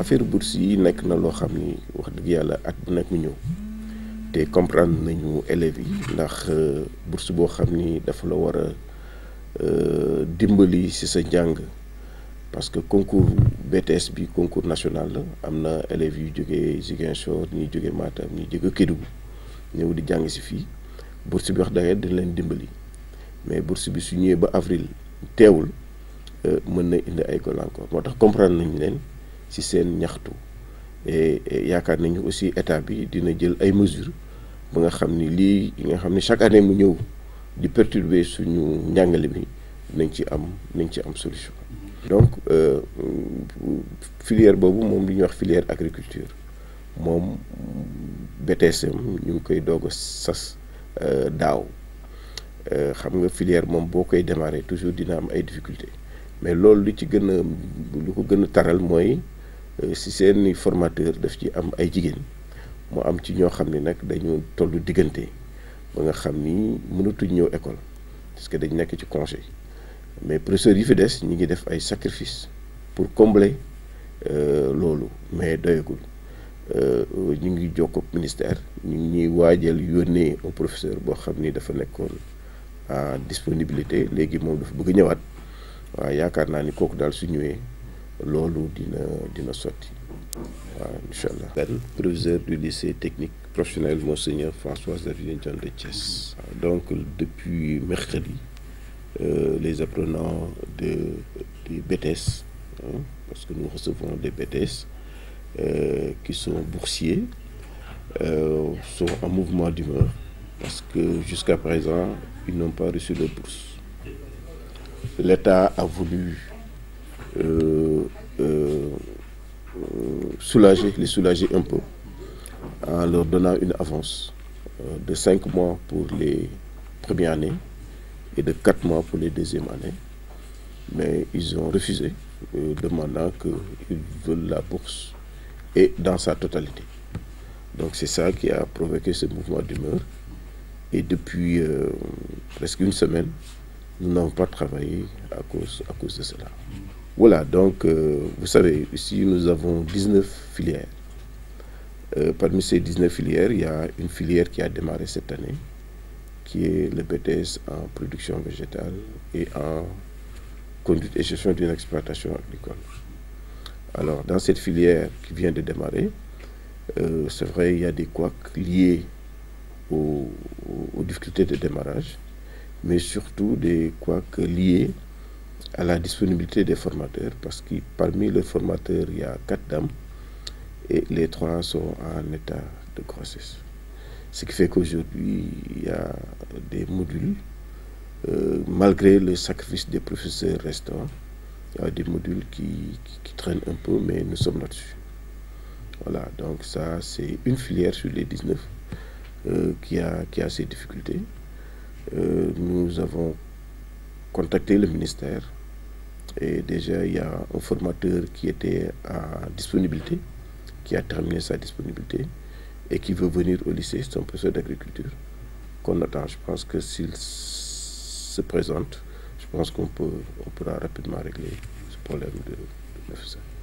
affaire bourse yi nekk na loo xam ni wax dëgg yàlla at bu nekk mu ñëw te comprendre nañu élèves yi ndax euh, bourse boo xam ni dafa la war a euh, dimbali si sa njàng parce que concours betes bi concours national am na élèves yu jógee Ziguinchor ñuy jógee Matam ñu jógee Kédougou ñëw di jàng si fii bourse bi wax dëgg yàlla dina leen dimbali mais bourse bi su ñëwee ba avril teewul euh, mën na indi ay gàllankoor moo tax comprendre nañu leen. ci seen ñaxtu et yaakaar nañu aussi état bi dina jël ay mesures ba nga xam ni lii nga xam ni chaque année mu ñëw di perturber suñu njàngale bi nañ ci am nañ ci am solution. donc euh, filière boobu moom li ñuy wax filière agriculture moom BTSM ñu ngi koy doog a sas euh, daaw euh, xam nga filiere moom boo koy démarrer toujours dina am ay difficultés mais loolu lu ci gën a lu ko gën a taral mooy. Euh, si seeni formateur daf ci am ay jigéen mu am ci ñoo xam ni nag dañu tollu diggante ba nga xam ni mënatuñ ñëw école parce que dañ nekk ci congé mais professeurs yi fi des ñu ngi def ay sacrifice pour combler euh, loolu mais doyagul euh, ñu ngi jokk ministère ñu ngi ñuy waajal yónnee un professeur boo xam ni dafa nekkoon en disponibilité léegi moom dafa bëgg ñëwaat waaw yaakaar naa ni kooku daal su ñëwee. loolu dina dina sotti waaw incha allah. benn proviseur du lycée technique professionnel monseigneur Françoise Davy Ndione de Thiès. donc depuis mercredi euh, les apprenants de du parce que nous recevons des BTS euh, qui sont boursiers euh, sont en mouvement d'humeur parce que jusqu'à présent ils n'ont pas reçu de bourse. L'État a voulu Euh, euh, soulager, les soulager un peu en leur donnant une avance euh, de cinq mois pour les premières années et de 4 mois pour les deuxièmes années. Mais ils ont refusé, demandant qu'ils veulent la bourse et dans sa totalité. Donc c'est ça qui a provoqué ce mouvement d'humeur. Et depuis presque une semaine, nous n'avons pas travaillé à cause de cela. Voilà, donc, euh, vous savez, ici, nous avons 19 filières. Euh, parmi ces 19 filières, il y a une filière qui a démarré cette année, qui est le BTS en production végétale et en conduite et gestion d'une exploitation agricole. Alors, dans cette filière qui vient de démarrer, euh, c'est vrai, il y a des couacs liés aux, difficultés de démarrage, mais surtout des couacs liés à la disponibilité des formateurs parce que parmi les formateurs, il y a quatre dames et les trois sont en état de grossesse. Ce qui fait qu'aujourd'hui, il y a des modules, euh, malgré le sacrifice des professeurs restants, il y a des modules qui, traînent un peu, mais nous sommes là-dessus. Voilà, donc ça, c'est une filière sur les 19 euh, qui, a, qui difficultés. Euh, nous avons contacté le ministère et déjà il y a un formateur qui était à disponibilité, qui a terminé sa disponibilité et qui veut venir au lycée, c'est un professeur d'agriculture qu'on attend. Je pense que s'il se présente, je pense qu'on pourra rapidement régler ce problème de, de